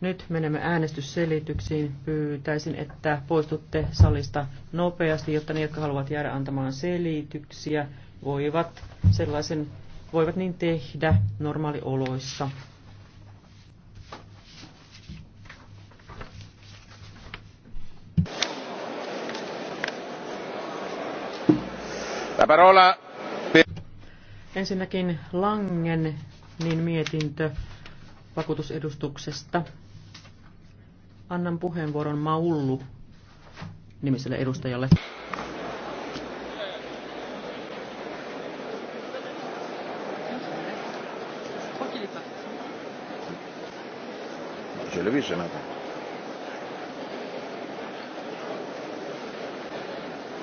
Nyt menemme äänestysselityksiin. Pyytäisin, että poistutte salista nopeasti, jotta ne, jotka haluavat jäädä antamaan selityksiä, voivat, sellaisen, voivat niin tehdä normaalioloissa. La parola Ensinnäkin Langen niin mietintö vakuutusedustuksesta. Annan puheenvuoron Maullu nimiselle edustajalle. Je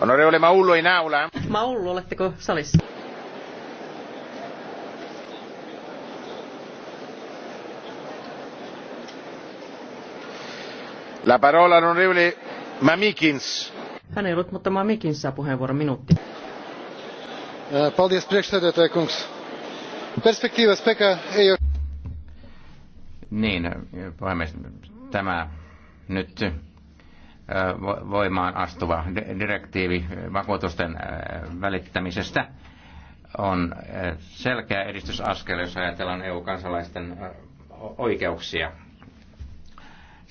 Onorevole Maullo in aula. Maullo, oletteko salissa? La parola onorevole Mamikins. Hän ei ollut, mutta Mamikins saa puheenvuoron minuutti. Eh, paldies priekšsēdētāja kungs. perspektiivä pekā ei ole... Niin, puhemies, tämä nyt eh, voimaan astuva direktiivi vakuutusten eh, välittämisestä on selkeä edistysaskel, jos ajatellaan EU-kansalaisten oikeuksia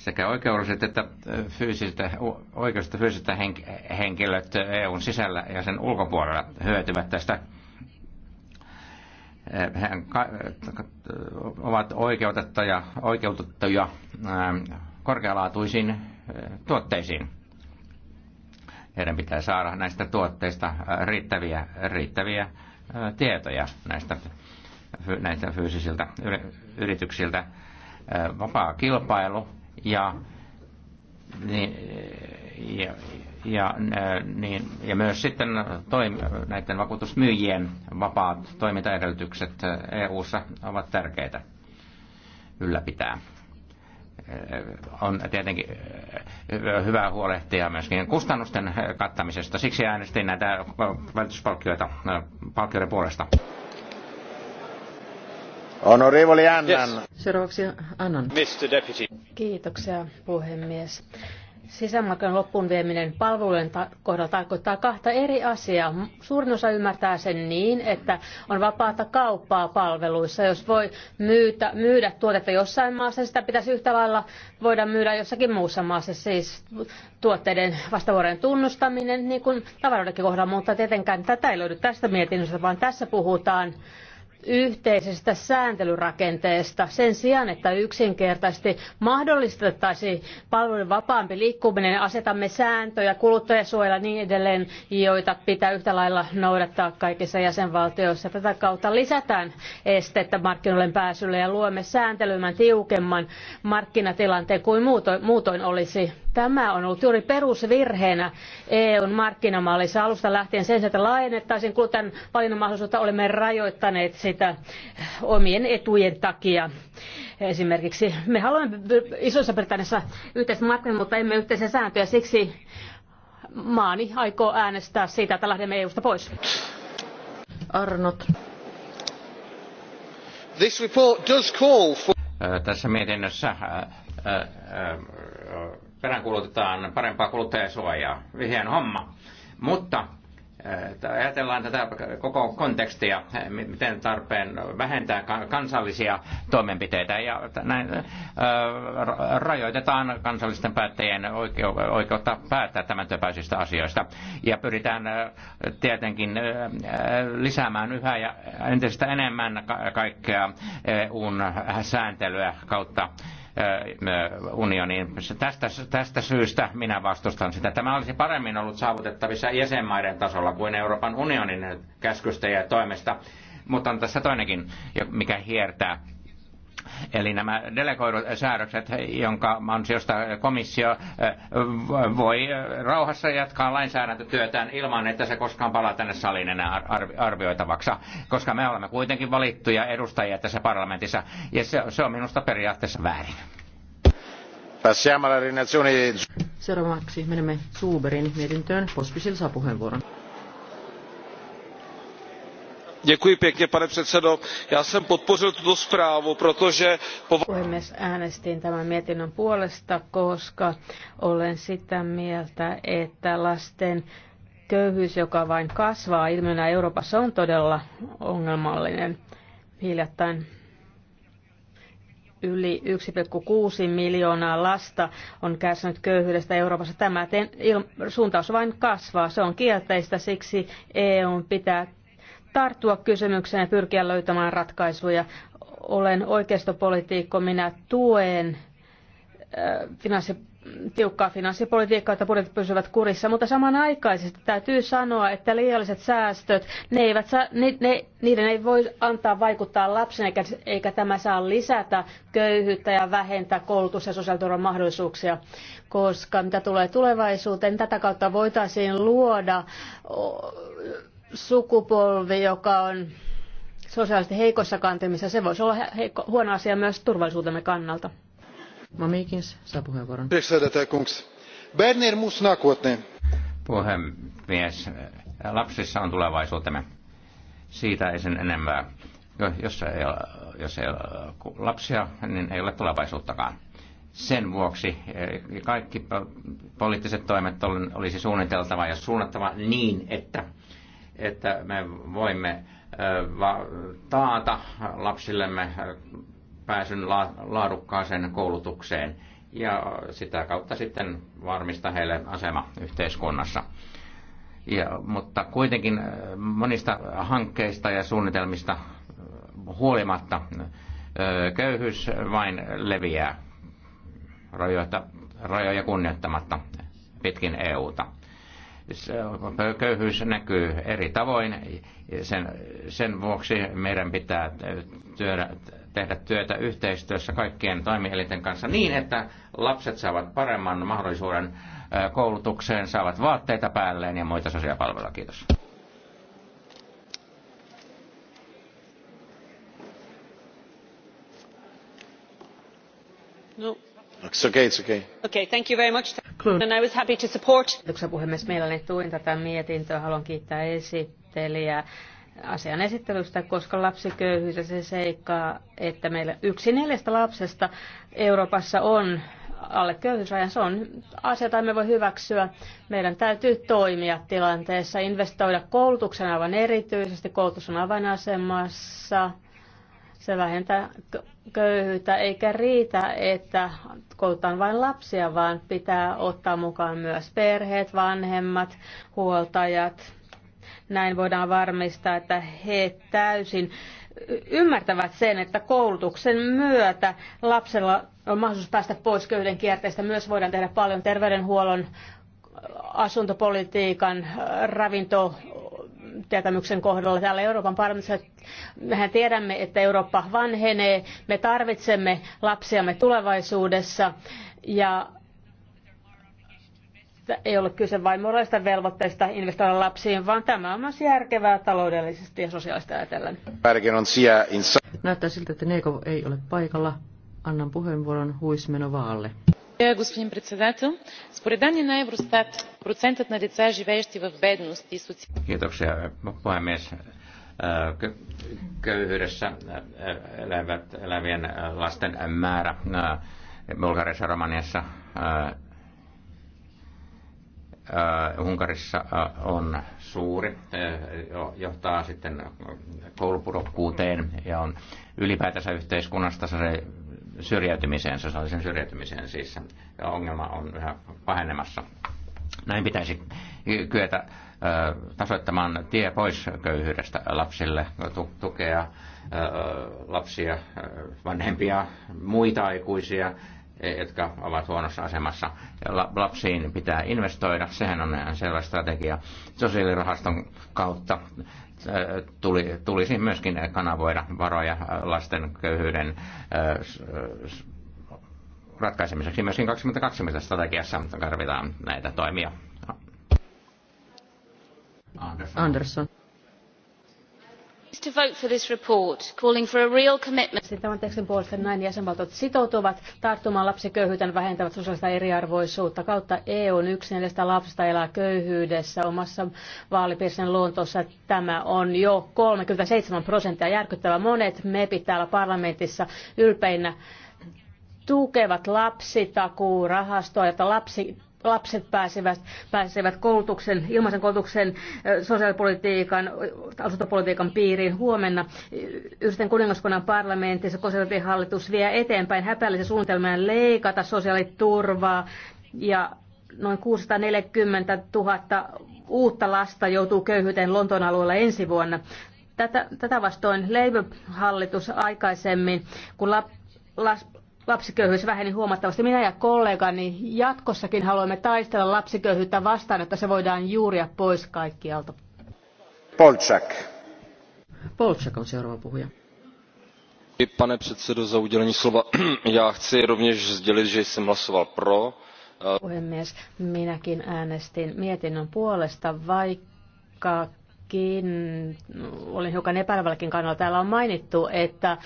sekä oikeudelliset että fyysiset, oikeudelliset henk- henkilöt EUn sisällä ja sen ulkopuolella hyötyvät tästä he ovat oikeutettuja, oikeutettuja korkealaatuisiin tuotteisiin. Heidän pitää saada näistä tuotteista riittäviä, riittäviä tietoja näistä, näistä fyysisiltä yrityksiltä. Vapaa kilpailu ja, niin, ja, ja, niin, ja myös sitten toim, näiden vakuutusmyyjien vapaat toimintaedellytykset EU-ssa ovat tärkeitä ylläpitää. On tietenkin hyvä huolehtia myöskin kustannusten kattamisesta. Siksi äänestin näitä välityspalkkioita palkkioiden puolesta. Honorevole Annan. Yes. Seuraavaksi Annan. Mr. Deputy. Kiitoksia puhemies. Sisämarkkinoiden loppuun vieminen palvelujen ta- kohdalla tarkoittaa kahta eri asiaa. Suurin osa ymmärtää sen niin, että on vapaata kauppaa palveluissa. Jos voi myytä, myydä tuotetta jossain maassa, sitä pitäisi yhtä lailla voida myydä jossakin muussa maassa. Siis tuotteiden vastavuorojen tunnustaminen, niin kuin tavaroidenkin kohdalla, mutta tietenkään tätä ei löydy tästä mietinnöstä, vaan tässä puhutaan yhteisestä sääntelyrakenteesta sen sijaan, että yksinkertaisesti mahdollistettaisiin palveluiden vapaampi liikkuminen, asetamme sääntöjä, kuluttajasuojella ja niin edelleen, joita pitää yhtä lailla noudattaa kaikissa jäsenvaltioissa. Tätä kautta lisätään estettä markkinoille pääsylle ja luomme sääntelymän tiukemman markkinatilanteen kuin muutoin olisi Tämä on ollut juuri perusvirheenä EUn markkinamallissa alusta lähtien sen, että laajennettaisiin kuluttajan valinnanmahdollisuutta, olemme rajoittaneet sitä omien etujen takia. Esimerkiksi me haluamme Isossa Britanniassa yhteiset markkinat, mutta emme yhteisiä sääntöjä, siksi maani aikoo äänestää siitä, että lähdemme EUsta pois. Arnot. This report does call for... Tässä mietinnössä äh, äh, äh, peräänkuulutetaan parempaa kuluttajasuojaa. Hieno homma. Mutta eh, ajatellaan tätä koko kontekstia, eh, miten tarpeen vähentää kansallisia toimenpiteitä ja näin eh, rajoitetaan kansallisten päättäjien oikeutta päättää tämän töpäisistä asioista. Ja pyritään tietenkin lisäämään yhä ja entistä enemmän kaikkea EUn sääntelyä kautta unioniin. Tästä, tästä syystä minä vastustan sitä. Tämä olisi paremmin ollut saavutettavissa jäsenmaiden tasolla kuin Euroopan unionin käskystä ja toimesta. Mutta on tässä toinenkin, mikä hiertää Eli nämä delegoidut säädökset, jonka ansiosta komissio voi rauhassa jatkaa lainsäädäntötyötään ilman, että se koskaan palaa tänne saliin enää arvioitavaksi, koska me olemme kuitenkin valittuja edustajia tässä parlamentissa, ja se, se on minusta periaatteessa väärin. Passiamo alla Seuraavaksi menemme Zuberin mietintöön. Pospisil saa puheenvuoron pane předsedající já jsem podpořil tuto zprávu protože. puhemies äänestin tämän mietinnön puolesta koska olen sitä mieltä että lasten köyhyys joka vain kasvaa ilmiönä euroopassa on todella ongelmallinen. hiljattain yli kuusi miljoonaa lasta on kärsinyt köyhyydestä Euroopassa. Tämä suuntaus vain kasvaa. Se on kielteistä, siksi EU pitää tarttua kysymykseen ja pyrkiä löytämään ratkaisuja. Olen oikeistopolitiikko, minä tuen äh, finanssi, tiukkaa finanssipolitiikkaa, että budjetit pysyvät kurissa, mutta samanaikaisesti täytyy sanoa, että liialliset säästöt, ne eivät saa, ne, ne, niiden ei voi antaa vaikuttaa lapsen, eikä, eikä tämä saa lisätä köyhyyttä ja vähentää koulutus- ja sosiaaliturvan mahdollisuuksia, koska mitä tulee tulevaisuuteen, tätä kautta voitaisiin luoda sukupolvi, joka on sosiaalisesti heikossa kantimissa, se voisi olla heikko, huono asia myös turvallisuutemme kannalta. Mamikins saa puheenvuoron. Berner muss Puhemies, lapsissa on tulevaisuutemme. Siitä ei sen enempää. Jos ei ole, jos ei ole lapsia, niin ei ole tulevaisuuttakaan. Sen vuoksi eh, kaikki poliittiset toimet olisi suunniteltava ja suunnattava niin, että – että me voimme taata lapsillemme pääsyn laadukkaaseen koulutukseen ja sitä kautta sitten varmistaa heille asema yhteiskunnassa. Ja, mutta kuitenkin monista hankkeista ja suunnitelmista huolimatta köyhyys vain leviää rajoja, rajoja kunnioittamatta pitkin EUta köyhyys näkyy eri tavoin. Sen, sen vuoksi meidän pitää työdä, tehdä työtä yhteistyössä kaikkien toimielinten kanssa niin, että lapset saavat paremman mahdollisuuden koulutukseen, saavat vaatteita päälleen ja muita sosiaalipalveluja. Kiitos. No arvoisa puhemies mielelläni tuen tätä mietintöä. haluan kiittää esittelijää asian esittelystä koska lapsiköyhyys ja se seikka että meillä yksi neljästä lapsesta euroopassa on alle köyhyysrajan. Se on asia, jota emme voi hyväksyä. Meidän täytyy toimia tilanteessa, investoida koulutuksen aivan erityisesti. Koulutus on avainasemassa. Se vähentää köyhyyttä eikä riitä, että koulutaan vain lapsia, vaan pitää ottaa mukaan myös perheet, vanhemmat, huoltajat. Näin voidaan varmistaa, että he täysin ymmärtävät sen, että koulutuksen myötä lapsella on mahdollisuus päästä pois köyden kierteestä. Myös voidaan tehdä paljon terveydenhuollon, asuntopolitiikan, ravinto tietämyksen kohdalla täällä Euroopan parlamentissa. Mehän tiedämme, että Eurooppa vanhenee, me tarvitsemme lapsiamme tulevaisuudessa ja ei ole kyse vain moraalista velvoitteista investoida lapsiin, vaan tämä on myös järkevää taloudellisesti ja sosiaalista ajatellen. Näyttää siltä, että Neiko ei ole paikalla. Annan puheenvuoron huismenovaalle господин председател. Според данни на Евростат, процентът на деца, живеещи в бедност и социални Unkarissa on suuri, johtaa sitten koulupudokkuuteen ja on ylipäätänsä yhteiskunnasta se syrjäytymiseen, sosiaalisen syrjäytymiseen siis ongelma on yhä pahenemassa. Näin pitäisi kyetä tasoittamaan tie pois köyhyydestä lapsille, tukea lapsia, vanhempia, muita aikuisia, jotka ovat huonossa asemassa. Lapsiin pitää investoida, sehän on ihan selvä strategia. Sosiaalirahaston kautta tuli, tulisi myöskin kanavoida varoja äh, lasten köyhyyden äh, ratkaisemiseksi. Myöskin 2020 strategiassa tarvitaan näitä toimia. Anderson. Anderson äänestin siis tämän tekstin puolesta näin jäsenvaltiot sitoutuvat tarttumaan lapsiköyhyyteen vähentävät sosiaalista eriarvoisuutta. kautta eun yksi neljästä lapsesta elää köyhyydessä omassa vaalipiirissäni lontoossa tämä on jo kolmekymmentäseitsemän prosenttia järkyttävä. monet mepit täällä parlamentissa ylpeinä tukevat lapsitakuurahastoa jotta lapsi lapset pääsevät, pääsevät koulutuksen, ilmaisen koulutuksen, sosiaalipolitiikan, asuntopolitiikan piiriin huomenna. Yhdisten kuningaskunnan parlamentissa konservatiivihallitus vie eteenpäin häpeällisen suunnitelman leikata sosiaaliturvaa ja noin 640 000 uutta lasta joutuu köyhyyteen Lontoon alueella ensi vuonna. Tätä, tätä vastoin Labour-hallitus aikaisemmin, kun lap, las, lapsiköyhyys väheni huomattavasti. Minä ja kollegani jatkossakin haluamme taistella lapsiköyhyyttä vastaan, että se voidaan juuria pois kaikkialta. Polčak. Polčak on seuraava puhuja. Pane předsedo, za udělení slova. Já chci rovněž sdělit, že jsem hlasoval pro. Puhemies, minäkin äänestin mietinnön puolesta, vaikkakin olin hiukan epäröivälläkin kannalla. Täällä on mainittu, että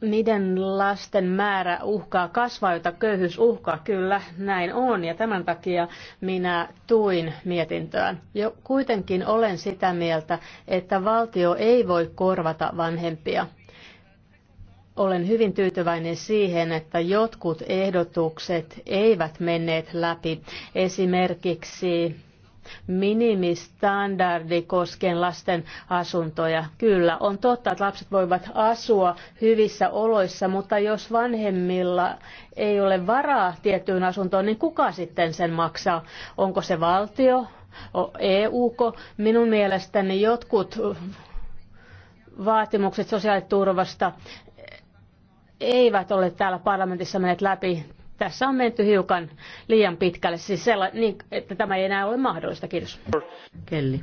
miten lasten määrä uhkaa kasvaa, jota köyhyys uhkaa. Kyllä, näin on ja tämän takia minä tuin mietintöön. Jo kuitenkin olen sitä mieltä, että valtio ei voi korvata vanhempia. Olen hyvin tyytyväinen siihen, että jotkut ehdotukset eivät menneet läpi. Esimerkiksi minimistandardi koskien lasten asuntoja. Kyllä, on totta, että lapset voivat asua hyvissä oloissa, mutta jos vanhemmilla ei ole varaa tiettyyn asuntoon, niin kuka sitten sen maksaa? Onko se valtio? EU? -ko? Minun mielestäni jotkut vaatimukset sosiaaliturvasta eivät ole täällä parlamentissa menneet läpi tässä on menty hiukan liian pitkälle, siis sella, niin, että tämä ei enää ole mahdollista. Kiitos. Kelli.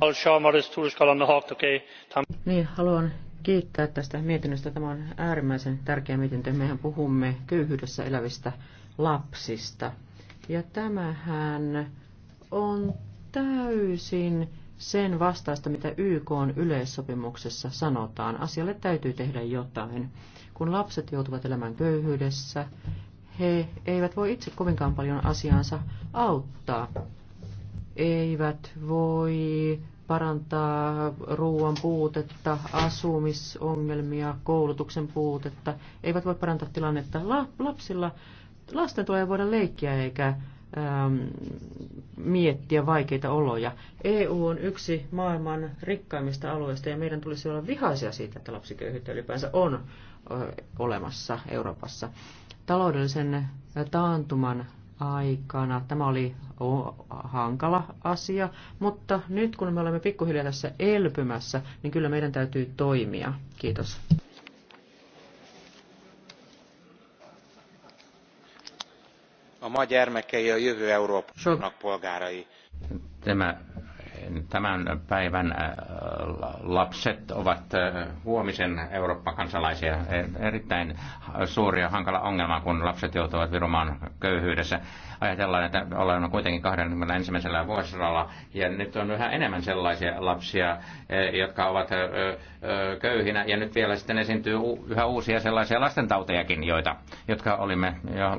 Niin, haluan kiittää tästä mietinnöstä. Tämä on äärimmäisen tärkeä mietintö. Mehän puhumme köyhyydessä elävistä lapsista. Ja tämähän on täysin sen vastaista, mitä YK on yleissopimuksessa sanotaan. Asialle täytyy tehdä jotain. Kun lapset joutuvat elämään köyhyydessä, he eivät voi itse kovinkaan paljon asiaansa auttaa. Eivät voi parantaa ruoan puutetta, asumisongelmia, koulutuksen puutetta, eivät voi parantaa tilannetta. Lapsilla, lasten tulee voida leikkiä eikä ähm, miettiä vaikeita oloja. EU on yksi maailman rikkaimmista alueista ja meidän tulisi olla vihaisia siitä, että lapsiköyhyyttä ylipäänsä on olemassa Euroopassa taloudellisen taantuman aikana. Tämä oli hankala asia, mutta nyt kun me olemme pikkuhiljaa tässä elpymässä, niin kyllä meidän täytyy toimia. Kiitos. A ma gyermekei a jövő Európának Tämä Tämän päivän äh, lapset ovat äh, huomisen Euroopan kansalaisia e, erittäin suuri ja hankala ongelma, kun lapset joutuvat virumaan köyhyydessä. Ajatellaan, että ollaan kuitenkin 21. vuosisadalla ja nyt on yhä enemmän sellaisia lapsia, e, jotka ovat köyhinä ja nyt vielä sitten esiintyy yhä uusia sellaisia lastentautejakin, joita, jotka olimme jo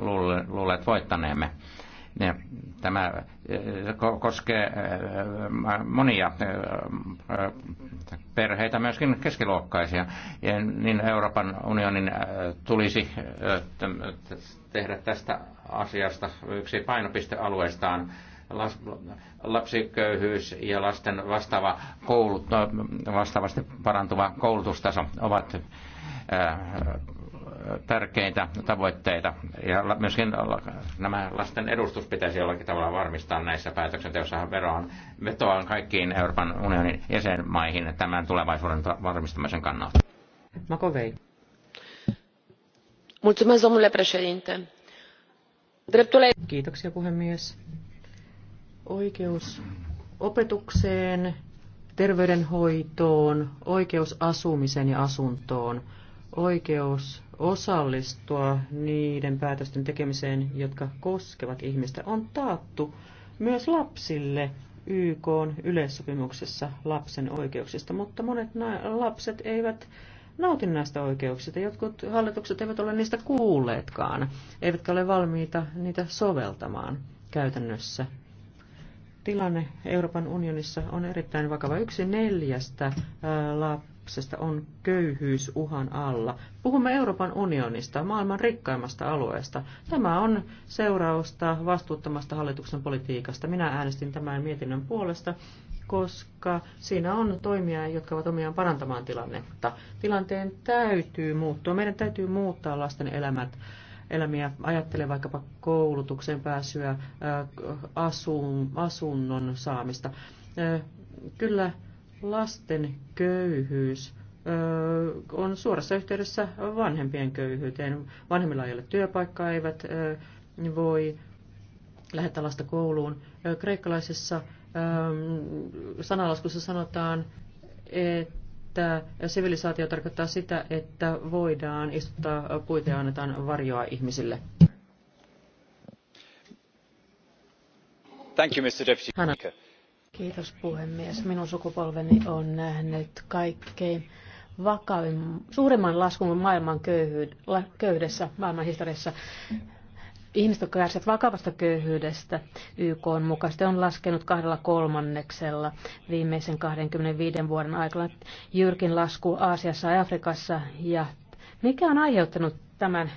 luulleet voittaneemme. Tämä äh, koskee äh, monia äh, perheitä, myöskin keskiluokkaisia. Niin Euroopan unionin tulisi tehdä tästä asiasta yksi painopistealueestaan lapsiköyhyys ja lasten vastaava koulut, no, vastaavasti parantuva koulutustaso ovat tärkeitä tavoitteita. Ja myöskin nämä lasten edustus pitäisi jollakin tavalla varmistaa näissä päätöksenteossa veroon vetoaan kaikkiin Euroopan unionin jäsenmaihin tämän tulevaisuuden varmistamisen kannalta. Makovei. Mulțumesc, Kiitoksia, puhemies. Oikeus opetukseen, terveydenhoitoon, oikeus asumiseen ja asuntoon, oikeus osallistua niiden päätösten tekemiseen, jotka koskevat ihmistä, on taattu myös lapsille YK yleissopimuksessa lapsen oikeuksista, mutta monet lapset eivät nauti näistä oikeuksista. Jotkut hallitukset eivät ole niistä kuulleetkaan, eivätkä ole valmiita niitä soveltamaan käytännössä. Tilanne Euroopan unionissa on erittäin vakava. Yksi neljästä ää, kehityksestä on köyhyys uhan alla. Puhumme Euroopan unionista, maailman rikkaimmasta alueesta. Tämä on seurausta vastuuttamasta hallituksen politiikasta. Minä äänestin tämän mietinnön puolesta, koska siinä on toimia, jotka ovat omiaan parantamaan tilannetta. Tilanteen täytyy muuttua. Meidän täytyy muuttaa lasten elämät elämiä. ajattelee vaikkapa koulutukseen pääsyä, asun, asunnon saamista. Kyllä lasten köyhyys on suorassa yhteydessä vanhempien köyhyyteen. Vanhemmilla ei ole työpaikkaa, eivät voi lähettää lasta kouluun. Kreikkalaisessa sanalaskussa sanotaan, että sivilisaatio tarkoittaa sitä, että voidaan istuttaa puita ja annetaan varjoa ihmisille. Thank you, Mr. Deputy Speaker. Kiitos puhemies. Minun sukupolveni on nähnyt kaikkein vakavin, suurimman laskun maailman köyhyydessä, maailman historiassa. Ihmiset, jotka kärsivät vakavasta köyhyydestä YK on mukaisesti, on laskenut kahdella kolmanneksella viimeisen 25 vuoden aikana jyrkin lasku Aasiassa ja Afrikassa. Ja mikä on aiheuttanut tämän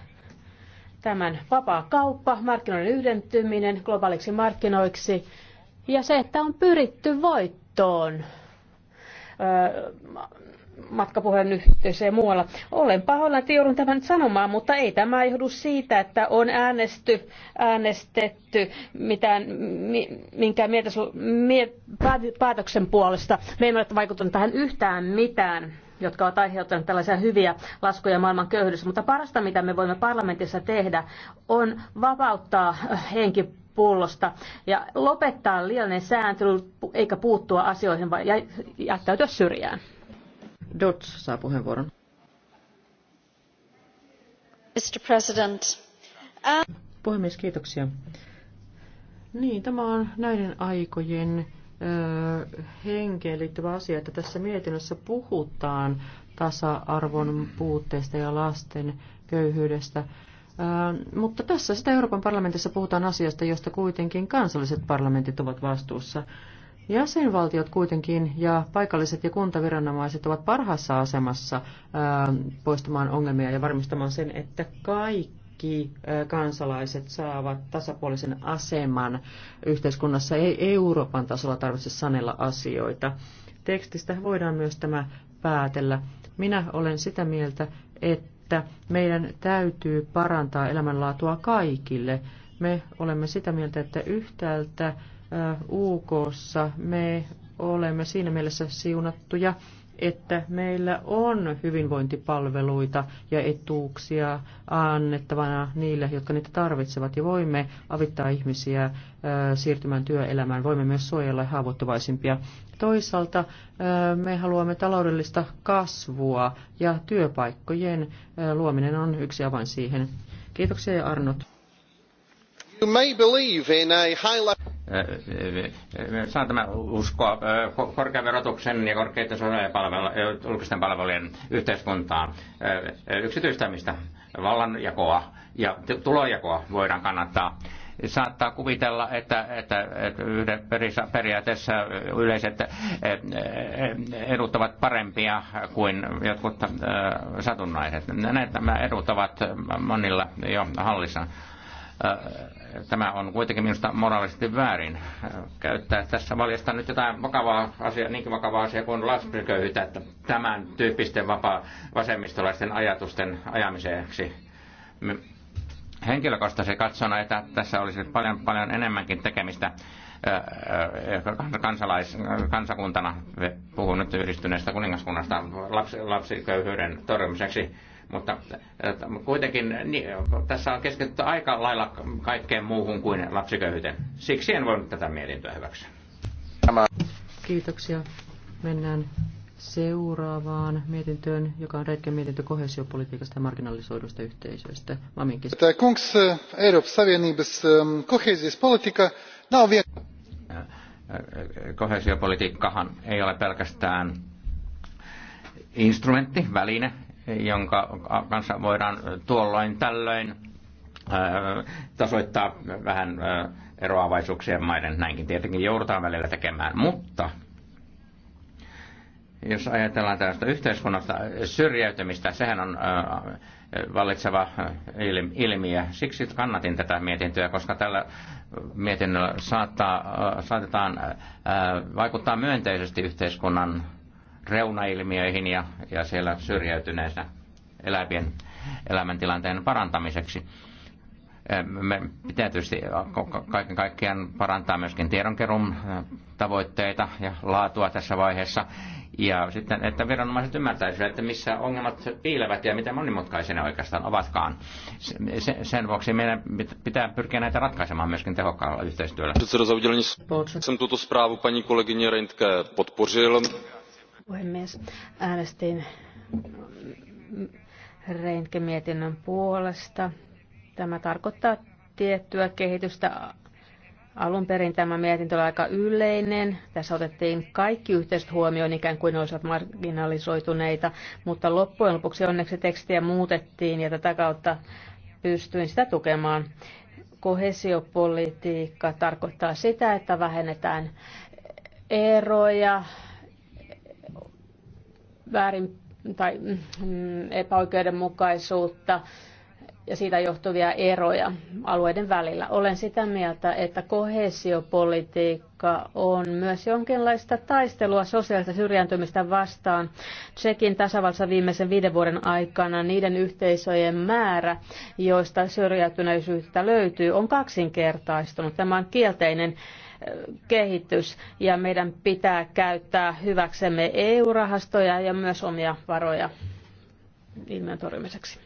tämän vapaa kauppa, markkinoiden yhdentyminen globaaliksi markkinoiksi, ja se, että on pyritty voittoon matkapuhelun yhteydessä ja muualla. Olen pahoillani, että joudun tämän nyt sanomaan, mutta ei tämä johdu siitä, että on äänesty, äänestetty mitään, minkään mietas, miet, päätöksen puolesta. Me emme ole vaikuttanut tähän yhtään mitään jotka ovat aiheuttaneet tällaisia hyviä laskuja maailman köyhyydessä. Mutta parasta, mitä me voimme parlamentissa tehdä, on vapauttaa henki pullosta ja lopettaa liiallinen sääntely eikä puuttua asioihin vaan jättäytyä syrjään. Dots saa puheenvuoron. Mr. President. Uh... Puhemies, kiitoksia. Niin, tämä on näiden aikojen ö, henkeen liittyvä asia, että tässä mietinnössä puhutaan tasa-arvon puutteesta ja lasten köyhyydestä. Mutta tässä sitä Euroopan parlamentissa puhutaan asiasta, josta kuitenkin kansalliset parlamentit ovat vastuussa. Jäsenvaltiot kuitenkin ja paikalliset ja kuntaviranomaiset ovat parhaassa asemassa poistamaan ongelmia ja varmistamaan sen, että kaikki kansalaiset saavat tasapuolisen aseman yhteiskunnassa. Ei Euroopan tasolla tarvitse sanella asioita. Tekstistä voidaan myös tämä päätellä. Minä olen sitä mieltä, että että meidän täytyy parantaa elämänlaatua kaikille. Me olemme sitä mieltä, että yhtäältä UKssa me olemme siinä mielessä siunattuja, että meillä on hyvinvointipalveluita ja etuuksia annettavana niille, jotka niitä tarvitsevat, ja voimme avittaa ihmisiä siirtymään työelämään, voimme myös suojella haavoittuvaisimpia. Toisaalta me haluamme taloudellista kasvua, ja työpaikkojen luominen on yksi avain siihen. Kiitoksia ja Arnot. You may believe in a high Äh, äh, saa tämä uskoa äh, korkean verotuksen ja korkeiden sosiaalien julkisten palvelujen yhteiskuntaan yksityistämistä, vallanjakoa ja tulojakoa voidaan kannattaa saattaa kuvitella, että, että, että yhden periaatteessa yleiset edut ovat parempia kuin jotkut satunnaiset. Nämä edut ovat monilla jo hallissa. Äh, tämä on kuitenkin minusta moraalisesti väärin äh, käyttää. Tässä valjastaa nyt jotain vakavaa asiaa, niinkin vakavaa asiaa kuin lapsiköyhyyttä, että tämän tyyppisten vapaa vasemmistolaisten ajatusten ajamiseksi. Henkilökohtaisesti katsona, että tässä olisi paljon, paljon enemmänkin tekemistä äh, kansalais, kansakuntana, puhun nyt yhdistyneestä kuningaskunnasta, lapsi, lapsiköyhyyden torjumiseksi mutta äh, kuitenkin niin, tässä on keskitytty aika lailla kaikkeen muuhun kuin lapsiköyhyyteen. Siksi en voinut tätä mietintöä hyväksyä. Kiitoksia. Mennään seuraavaan mietintöön, joka on Reitken mietintö kohesiopolitiikasta ja marginalisoidusta yhteisöistä. E, e, kohesiopolitiikkahan ei ole pelkästään instrumentti, väline, jonka kanssa voidaan tuolloin tällöin tasoittaa vähän eroavaisuuksia maiden. Näinkin tietenkin joudutaan välillä tekemään, mutta jos ajatellaan tällaista yhteiskunnasta syrjäytymistä, sehän on vallitseva ilmiö. Siksi kannatin tätä mietintöä, koska tällä mietinnöllä saattaa, saatetaan vaikuttaa myönteisesti yhteiskunnan reunailmiöihin ja, ja siellä syrjäytyneensä elävien elämäntilanteen parantamiseksi. Me pitää tietysti kaiken kaikkiaan parantaa myöskin tiedonkerun tavoitteita ja laatua tässä vaiheessa. Ja sitten, että viranomaiset ymmärtäisivät, että missä ongelmat piilevät ja miten monimutkaisia ne oikeastaan ovatkaan. Sen vuoksi meidän pitää pyrkiä näitä ratkaisemaan myöskin tehokkaalla yhteistyöllä. Předseda za udělení jsem Reintke puhemies. Äänestin Reinke-mietinnön puolesta. Tämä tarkoittaa tiettyä kehitystä. Alun perin tämä mietintö oli aika yleinen. Tässä otettiin kaikki yhteiset huomioon ikään kuin ne olisivat marginalisoituneita, mutta loppujen lopuksi onneksi tekstiä muutettiin ja tätä kautta pystyin sitä tukemaan. Kohesiopolitiikka tarkoittaa sitä, että vähennetään eroja, väärin tai mm, mm, epäoikeudenmukaisuutta ja siitä johtuvia eroja alueiden välillä. Olen sitä mieltä, että kohesiopolitiikka on myös jonkinlaista taistelua sosiaalista syrjäytymistä vastaan. Tsekin tasavallassa viimeisen viiden vuoden aikana niiden yhteisöjen määrä, joista syrjäytyneisyyttä löytyy, on kaksinkertaistunut. Tämä on kielteinen kehitys ja meidän pitää käyttää hyväksemme EU-rahastoja ja myös omia varoja ilmiön torjumiseksi.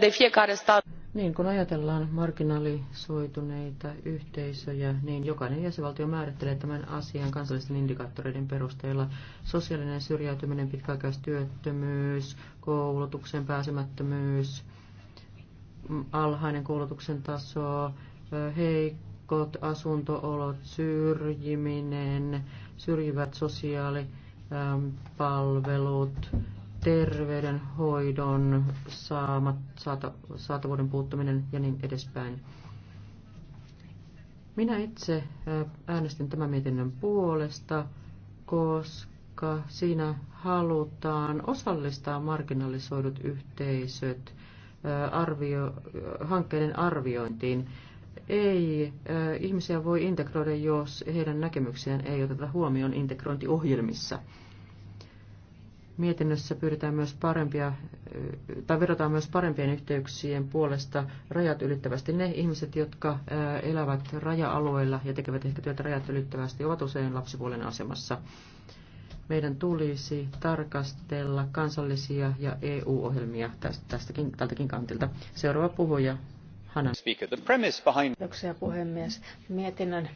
de fiecare stat. Niin, kun ajatellaan marginalisoituneita yhteisöjä, niin jokainen jäsenvaltio määrittelee tämän asian kansallisten indikaattoreiden perusteella. Sosiaalinen syrjäytyminen, pitkäaikaistyöttömyys, koulutuksen pääsemättömyys, alhainen koulutuksen taso, heikot asuntoolot, syrjiminen, syrjivät sosiaalipalvelut, terveydenhoidon saamat, saata, saatavuuden puuttuminen ja niin edespäin. Minä itse äänestin tämän mietinnön puolesta, koska siinä halutaan osallistaa marginalisoidut yhteisöt arvio, hankkeiden arviointiin ei ihmisiä voi integroida, jos heidän näkemyksiään ei oteta huomioon integrointiohjelmissa. Mietinnössä pyritään myös parempia, tai vedotaan myös parempien yhteyksien puolesta rajat ylittävästi. Ne ihmiset, jotka elävät raja-alueilla ja tekevät ehkä työtä rajat ylittävästi, ovat usein lapsipuolen asemassa. Meidän tulisi tarkastella kansallisia ja EU-ohjelmia tästäkin, tältäkin kantilta. Seuraava puhuja Hanan. Kiitoksia puhemies. Mietinnön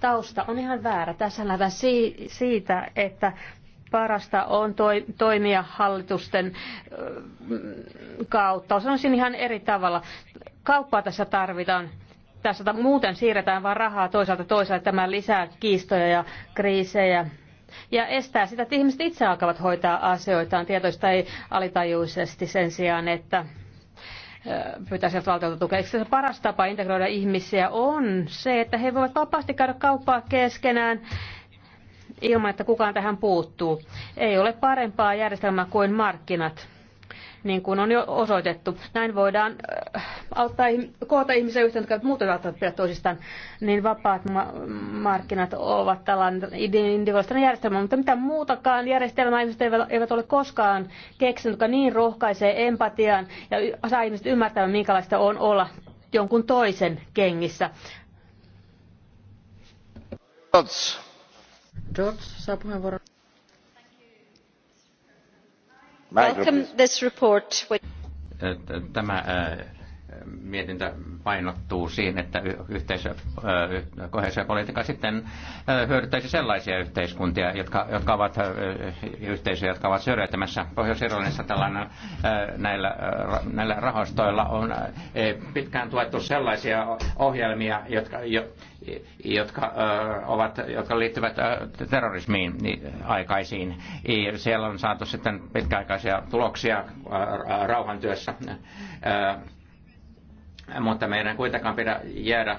tausta on ihan väärä. Tässä lähdetään siitä, että parasta on toimia hallitusten kautta. Sanoisin ihan eri tavalla. Kauppaa tässä tarvitaan. Tässä muuten siirretään vain rahaa toisaalta toiselle Tämä lisää kiistoja ja kriisejä ja estää sitä, että ihmiset itse alkavat hoitaa asioitaan tietoista tai alitajuisesti sen sijaan, että pyytää sieltä valtiolta tukea. Eikö se paras tapa integroida ihmisiä on se, että he voivat vapaasti käydä kauppaa keskenään ilman, että kukaan tähän puuttuu. Ei ole parempaa järjestelmää kuin markkinat niin kuin on jo osoitettu. Näin voidaan äh, auttaa, koota ihmisiä yhteen, jotka muuten välttämättä pidä toisistaan, niin vapaat ma- markkinat ovat tällainen individuaalinen järjestelmä, mutta mitä muutakaan järjestelmää ihmiset eivät ole koskaan keksinyt, joka niin rohkaisee empatiaan ja saa ihmiset ymmärtämään, minkälaista on olla jonkun toisen kengissä. Dots. Dots saa puheenvuoron welcome this report. Äh, äh, tämä äh, mietintö painottuu siihen, että yhteisö, politiikka sitten hyödyttäisi sellaisia yhteiskuntia, jotka, jotka ovat yhteisöjä, jotka ovat syrjäytymässä. Pohjois-Irlannissa tällainen näillä, näillä rahastoilla on pitkään tuettu sellaisia ohjelmia, jotka, jo, jotka, ovat, jotka liittyvät terrorismiin niin, aikaisiin. Siellä on saatu sitten pitkäaikaisia tuloksia rauhantyössä mutta meidän kuitenkaan pidä jäädä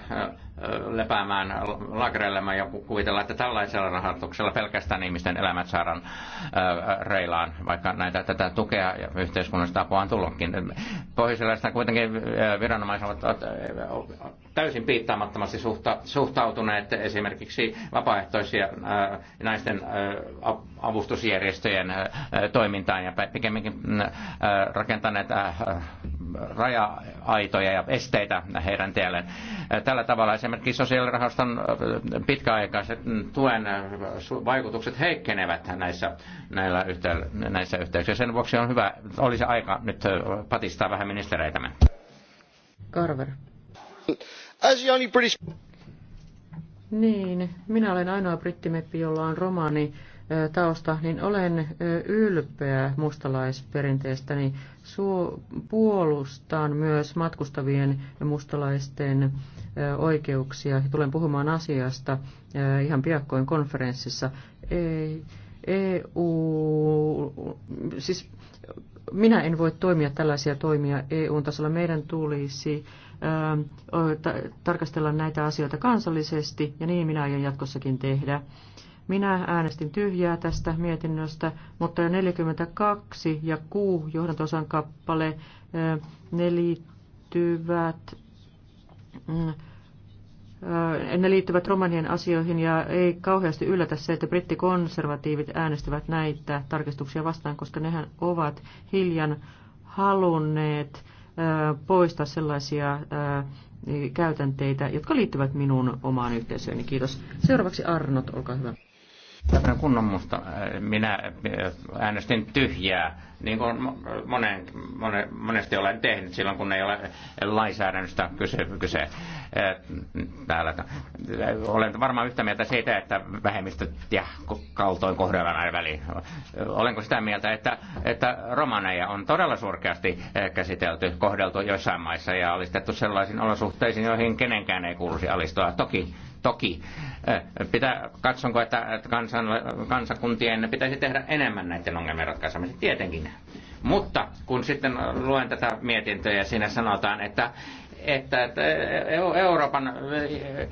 lepäämään lagreillemme ja kuvitella, että tällaisella rahoituksella pelkästään ihmisten elämät saadaan reilaan, vaikka näitä tätä tukea ja yhteiskunnallista apua on tullutkin. Pohjoisella kuitenkin viranomaiset ovat täysin piittaamattomasti suhtautuneet esimerkiksi vapaaehtoisia naisten avustusjärjestöjen toimintaan ja pikemminkin mm, rakentaneet äh, raja-aitoja ja esteitä heidän tielleen. Tällä tavalla esimerkiksi esimerkiksi sosiaalirahaston pitkäaikaiset tuen vaikutukset heikkenevät näissä, näillä yhtey- näissä yhteyksissä. Sen vuoksi on hyvä, olisi aika nyt patistaa vähän ministereitämme. Carver. Niin, minä olen ainoa brittimeppi, jolla on romani tausta, niin olen ylpeä mustalaisperinteestäni. Suo, puolustan myös matkustavien mustalaisten oikeuksia. Tulen puhumaan asiasta ihan piakkoin konferenssissa. EU, e siis minä en voi toimia tällaisia toimia EU-tasolla. Meidän tulisi tarkastella näitä asioita kansallisesti, ja niin minä aion jatkossakin tehdä. Minä äänestin tyhjää tästä mietinnöstä, mutta jo 42 ja 6 johdantosan kappale, ne liittyvät, mm, ne liittyvät romanien asioihin ja ei kauheasti yllätä se, että brittikonservatiivit äänestävät näitä tarkistuksia vastaan, koska nehän ovat hiljan halunneet poistaa sellaisia käytänteitä, jotka liittyvät minun omaan yhteisööni. Kiitos. Seuraavaksi Arnot, olkaa hyvä. Tämmöinen kunnon musta. Äh, minä äh, äänestin tyhjää, niin kuin monen, monen, monesti olen tehnyt silloin, kun ei ole lainsäädännöstä kyse. kyse äh, täällä. Olen varmaan yhtä mieltä siitä, että vähemmistöt ja kaltoin kohdellaan aina väliin. Olenko sitä mieltä, että, että romaneja on todella surkeasti käsitelty, kohdeltu joissain maissa ja alistettu sellaisiin olosuhteisiin, joihin kenenkään ei kuuluisi alistua. Toki toki. Eh, Pitää, katsonko, että kansan, kansakuntien pitäisi tehdä enemmän näiden ongelmien ratkaisemiseksi? Tietenkin. Mutta kun sitten luen tätä mietintöä ja siinä sanotaan, että, että, että Euroopan, eh,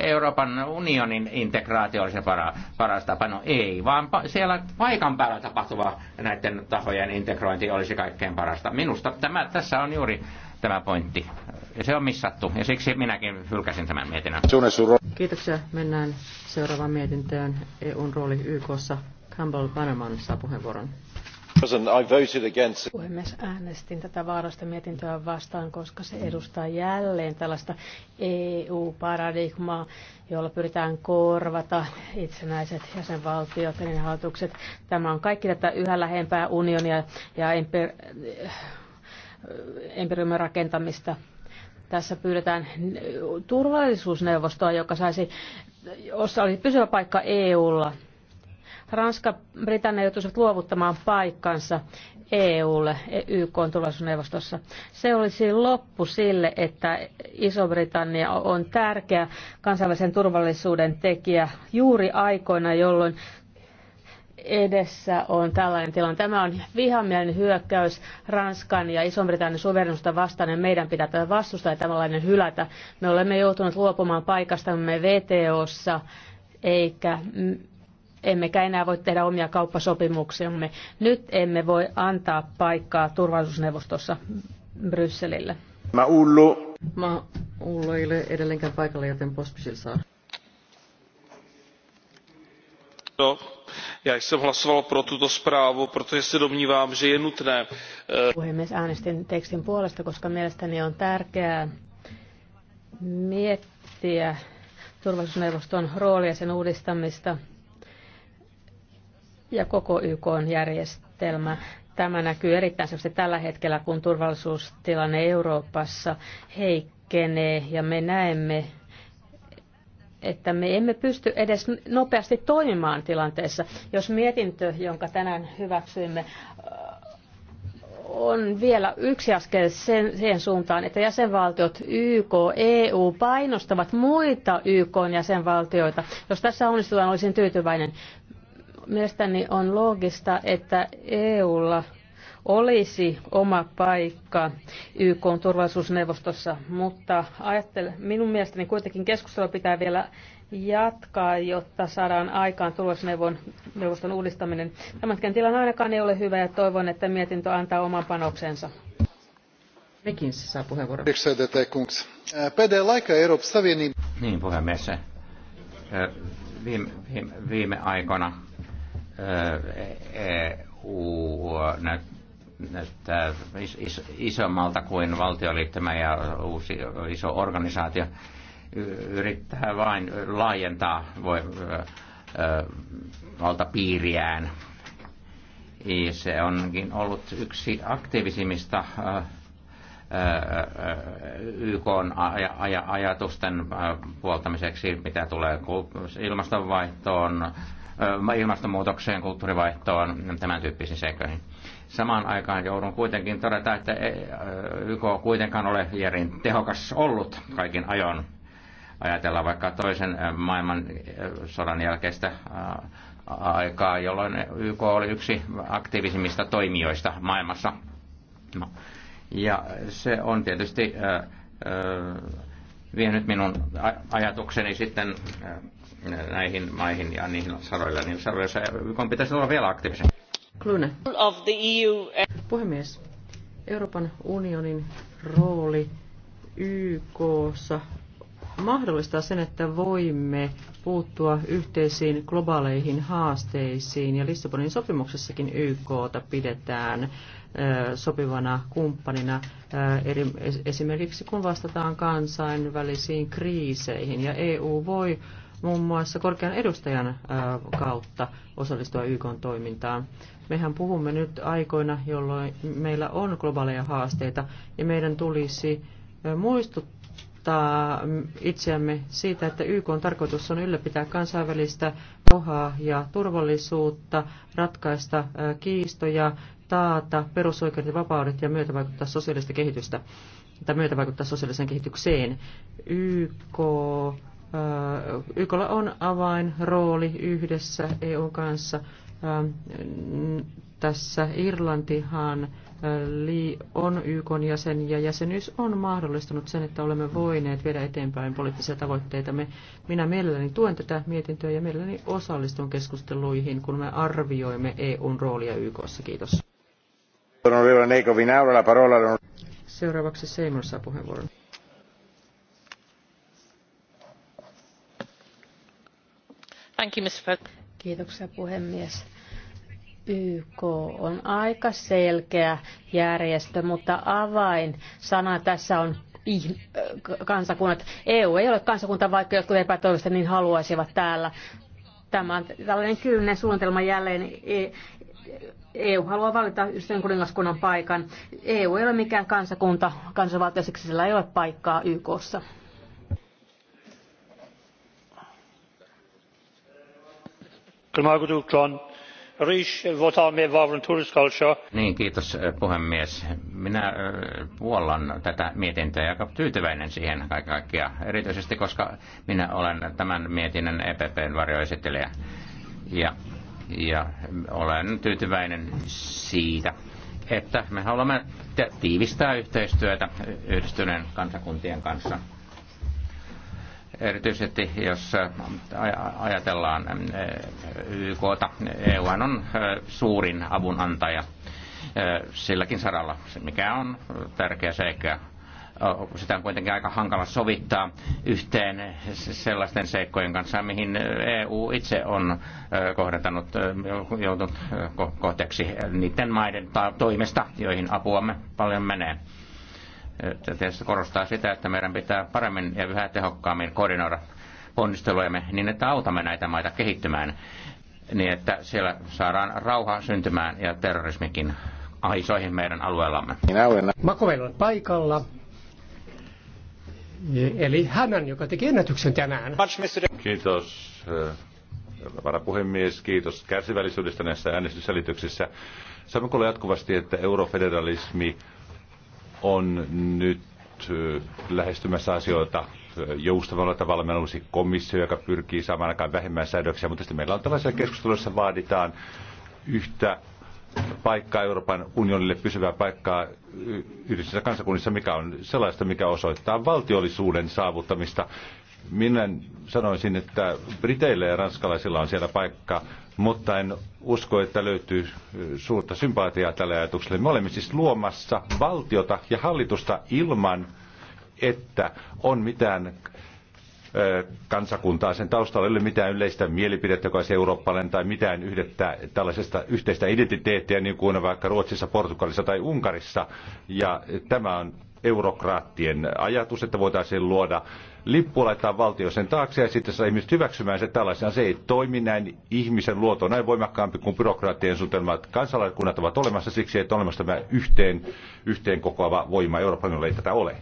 Euroopan unionin integraatio olisi paras, paras tapa. No ei, vaan siellä paikan päällä tapahtuva näiden tahojen integrointi olisi kaikkein parasta. Minusta tämä tässä on juuri tämä pointti. Ja se on missattu, ja siksi minäkin hylkäsin tämän mietinnön. Kiitoksia. Mennään seuraavaan mietintöön. EUn rooli YKssa. Campbell Bannerman saa puheenvuoron. Puhemies, äänestin tätä vaarasta mietintöä vastaan, koska se edustaa jälleen tällaista EU-paradigmaa, jolla pyritään korvata itsenäiset jäsenvaltiot ja hallitukset. Tämä on kaikki tätä yhä lähempää unionia ja empiriumin rakentamista. Tässä pyydetään turvallisuusneuvostoa, joka saisi, jossa oli pysyvä paikka EUlla. Ranska, Britannia joutuisivat luovuttamaan paikkansa EUlle YK turvallisuusneuvostossa. Se olisi loppu sille, että Iso-Britannia on tärkeä kansainvälisen turvallisuuden tekijä juuri aikoina, jolloin edessä on tällainen tilanne. Tämä on vihamielinen hyökkäys Ranskan ja Iso-Britannian suverenusta vastaan ja meidän pitää tätä vastustaa ja tällainen hylätä. Me olemme joutuneet luopumaan paikastamme VTOssa eikä emmekä enää voi tehdä omia kauppasopimuksiamme. Nyt emme voi antaa paikkaa turvallisuusneuvostossa Brysselille. Mä ullu. Mä ullu ei ole edelleenkään paikalla, joten Pospisil saa já jsem hlasoval pro tuto zprávu protože se domnívám že je nutné. Eh, puhemies äänestin tekstin puolesta koska mielestäni on tärkeää miettiä turvallisuusneuvoston roolia sen uudistamista ja koko YK järjestelmä. Tämä näkyy erittäin selvästi tällä hetkellä, kun turvallisuustilanne Euroopassa heikkenee ja me näemme että me emme pysty edes nopeasti toimimaan tilanteessa. Jos mietintö, jonka tänään hyväksyimme, äh, on vielä yksi askel sen, sen suuntaan, että jäsenvaltiot YK, EU painostavat muita YK jäsenvaltioita. Jos tässä onnistutaan, olisin tyytyväinen. Mielestäni on loogista, että EUlla olisi oma paikka YK turvallisuusneuvostossa, mutta ajattelen, minun mielestäni kuitenkin keskustelua pitää vielä jatkaa, jotta saadaan aikaan turvallisuusneuvoston uudistaminen. Tämän tilanne ainakaan ei ole hyvä ja toivon, että mietintö antaa oman panoksensa. Mekin saa puheenvuoron. Niin, puhemies. Viime, viime, viime aikoina EU näyttää is, isommalta kuin valtioliittymä ja uusi iso organisaatio yrittää vain laajentaa voi, ö, valtapiiriään. Se onkin ollut yksi aktiivisimmista ö, YK ajatusten puoltamiseksi, mitä tulee ilmastonvaihtoon, ilmastonmuutokseen, kulttuurivaihtoon, tämän tyyppisiin seikkoihin. Samaan aikaan joudun kuitenkin todeta, että e, YK kuitenkaan ole järin tehokas ollut kaikin ajon. Ajatellaan vaikka toisen maailman sodan jälkeistä aikaa, jolloin YK oli yksi aktiivisimmista toimijoista maailmassa. No, ja se on tietysti vienyt minun ajatukseni sitten näihin maihin ja niihin saroille. Niin saroille YK pitäisi olla vielä aktiivisempi. Klune. E Puhemies, Euroopan unionin rooli YKssa mahdollistaa sen, että voimme puuttua yhteisiin globaaleihin haasteisiin ja Lissabonin sopimuksessakin YKta pidetään sopivana kumppanina, esimerkiksi kun vastataan kansainvälisiin kriiseihin. Ja EU voi muun muassa korkean edustajan kautta osallistua YK toimintaan. Mehän puhumme nyt aikoina, jolloin meillä on globaaleja haasteita, ja meidän tulisi muistuttaa itseämme siitä, että YK on tarkoitus on ylläpitää kansainvälistä rauhaa ja turvallisuutta, ratkaista kiistoja taata perusoikeudet ja vapaudet ja myötävaikuttaa sosiaalista kehitystä tai myötävaikuttaa sosiaaliseen kehitykseen. YK, YKlla on avainrooli yhdessä EU: kanssa. Tässä Irlantihan on YKn jäsen ja jäsenyys on mahdollistanut sen, että olemme voineet viedä eteenpäin poliittisia tavoitteita. Me, minä mielelläni tuen tätä mietintöä ja mielelläni osallistun keskusteluihin, kun me arvioimme EUn roolia YKssa. Kiitos. Seuraavaksi Seymour saa puheenvuoron. Kiitoksia puhemies. YK on aika selkeä järjestö, mutta avain sana tässä on kansakunnat. EU ei ole kansakunta, vaikka jotkut epätoivoisesti niin haluaisivat täällä. Tämä on tällainen kyyninen suunnitelma jälleen e- EU haluaa valita sen kuningaskunnan paikan. EU ei ole mikään kansakunta, kansanvaltaiseksi sillä ei ole paikkaa YKssa. Niin, kiitos eh, puhemies. Minä eh, puollan tätä mietintöä ja tyytyväinen siihen kaiken kaikkiaan, erityisesti koska minä olen tämän mietinnön EPPn varjoesittelijä. Ja ja olen tyytyväinen siitä, että me haluamme tiivistää yhteistyötä yhdistyneen kansakuntien kanssa. Erityisesti jos äh, ajatellaan äh, YKta, EU on äh, suurin avunantaja silläkin saralla, mikä on tärkeä seikka Oh, sitä on kuitenkin aika hankala sovittaa yhteen sellaisten seikkojen kanssa, mihin EU itse on kohdentanut, joutunut kohteeksi niiden maiden toimesta, joihin apuamme paljon menee. Tietysti korostaa sitä, että meidän pitää paremmin ja yhä tehokkaammin koordinoida ponnistelujemme niin, että autamme näitä maita kehittymään niin, että siellä saadaan rauha syntymään ja terrorismikin aisoihin meidän alueellamme. Makoveilla paikalla. Eli hänen, joka teki ennätyksen tänään. Kiitos varapuhemies, kiitos kärsivällisyydestä näissä äänestysselityksissä. Saamme kuulla jatkuvasti, että eurofederalismi on nyt eh, lähestymässä asioita eh, joustavalla tavalla. Meillä on uusi komissio, joka pyrkii saamaan aikaan vähemmän säädöksiä, mutta sitten meillä on tällaisia keskusteluissa vaaditaan yhtä paikkaa Euroopan unionille, pysyvää paikkaa yhdistyneissä kansakunnissa, mikä on sellaista, mikä osoittaa valtiollisuuden saavuttamista. Minä sanoisin, että Briteillä ja ranskalaisilla on siellä paikka, mutta en usko, että löytyy suurta sympatiaa tälle ajatukselle. Me olemme siis luomassa valtiota ja hallitusta ilman, että on mitään kansakuntaa. Sen taustalla ei ole mitään yleistä mielipidettä, joka olisi eurooppalainen, tai mitään yhdettä, tällaisesta yhteistä identiteettiä, niin kuin vaikka Ruotsissa, Portugalissa tai Unkarissa. Ja tämä on eurokraattien ajatus, että voitaisiin luoda lippu laitetaan valtio sen taakse ja sitten saa ihmiset hyväksymään se tällaisena. Se ei toimi näin. Ihmisen luoto on näin voimakkaampi kuin byrokraattien suunnitelmat. Kansalaiskunnat ovat olemassa siksi, että on olemassa tämä yhteen, yhteen kokoava voima. Euroopan ei tätä ole.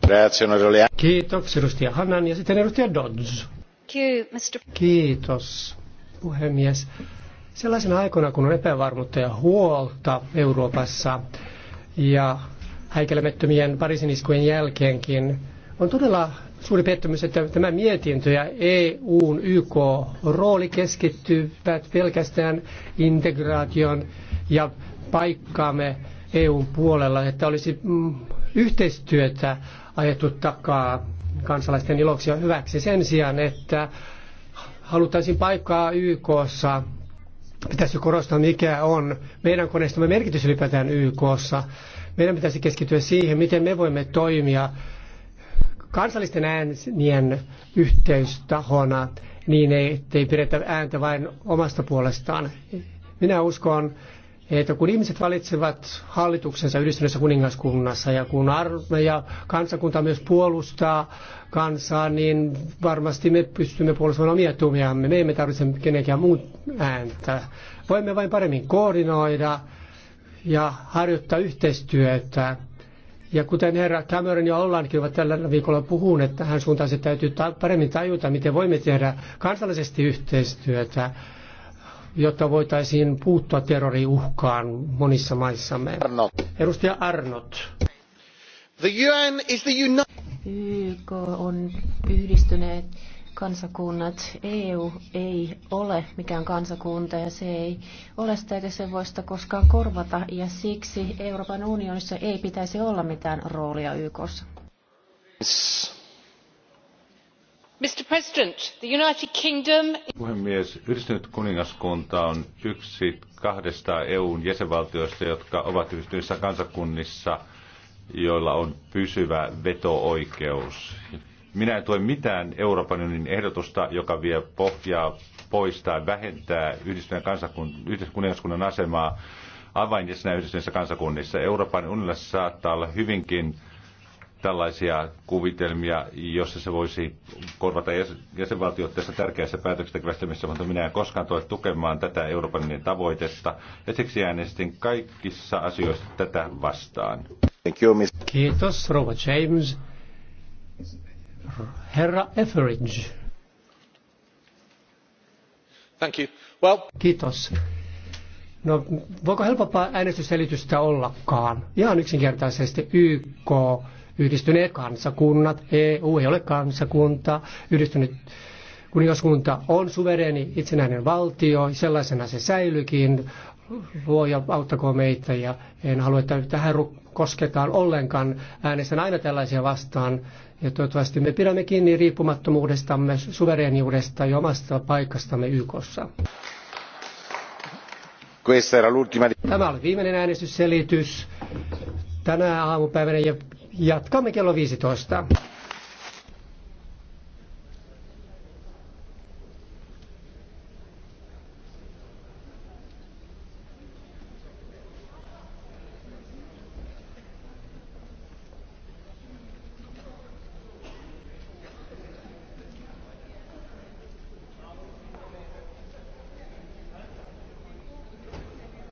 Kiitos edustaja Hannan ja sitten edustaja Dodds. Kiitos puhemies. Sellaisena aikana, kun on epävarmuutta ja huolta Euroopassa ja häikelemättömien Pariisin iskujen jälkeenkin, on todella suuri pettymys, että tämä mietintö ja EUn YK-rooli keskittyvät pelkästään integraation ja paikkaamme EUn puolella, että olisi mm, yhteistyötä ajettu takaa kansalaisten iloksi ja hyväksi sen sijaan, että haluttaisiin paikkaa YKssa. Pitäisi korostaa, mikä on meidän koneistamme merkitys ylipäätään YKssa. Meidän pitäisi keskittyä siihen, miten me voimme toimia kansallisten äänien yhteystahona, niin ei, pidetä ääntä vain omasta puolestaan. Minä uskon, että kun ihmiset valitsevat hallituksensa yhdistyneessä kuningaskunnassa ja kun armeija kansakunta myös puolustaa kansaa, niin varmasti me pystymme puolustamaan omia tumiamme. Me emme tarvitse kenenkään muun ääntä. Voimme vain paremmin koordinoida ja harjoittaa yhteistyötä ja kuten herra Cameron ja Ollankin ovat tällä viikolla puhuneet, tähän suuntaan se täytyy paremmin tajuta, miten voimme tehdä kansallisesti yhteistyötä, jotta voitaisiin puuttua terroriuhkaan monissa maissamme. Arno. Edustaja Arnot. The UN is the uni- YK on yhdistyneet kansakunnat. EU ei ole mikään kansakunta ja se ei ole sitä eikä se voi sitä koskaan korvata ja siksi Euroopan unionissa ei pitäisi olla mitään roolia YKssa. Mr. President, the United Kingdom... Puhemies, yhdistynyt kuningaskunta on yksi kahdesta EUn jäsenvaltioista, jotka ovat yhdistyneissä kansakunnissa, joilla on pysyvä veto-oikeus. Minä en tue mitään Euroopan unionin ehdotusta, joka vie pohjaa pois tai vähentää yhdistyneen kansakunnan asemaa avainjäsenä yhdistyneissä kansakunnissa. Euroopan unionilla saattaa olla hyvinkin tällaisia kuvitelmia, jossa se voisi korvata jäsenvaltiot tässä tärkeässä missä mutta minä en koskaan tule tukemaan tätä Euroopan unionin tavoitetta, ja siksi äänestin kaikissa asioissa tätä vastaan. Kiitos, Rova James. Herra Etheridge. Thank you. Well... Kiitos. No, voiko helpompaa äänestysselitystä ollakaan? Ihan yksinkertaisesti YK, yhdistyneet kansakunnat, EU ei ole kansakunta, yhdistynyt kuningaskunta on suvereni itsenäinen valtio, sellaisena se säilykin, luoja auttakoon meitä ja en halua, että tähän kosketaan ollenkaan. Äänestän aina tällaisia vastaan ja toivottavasti me pidämme kiinni riippumattomuudestamme, suvereniudesta ja omasta paikastamme YKssa. Tämä oli viimeinen äänestysselitys tänä aamupäivänä ja jatkamme kello 15.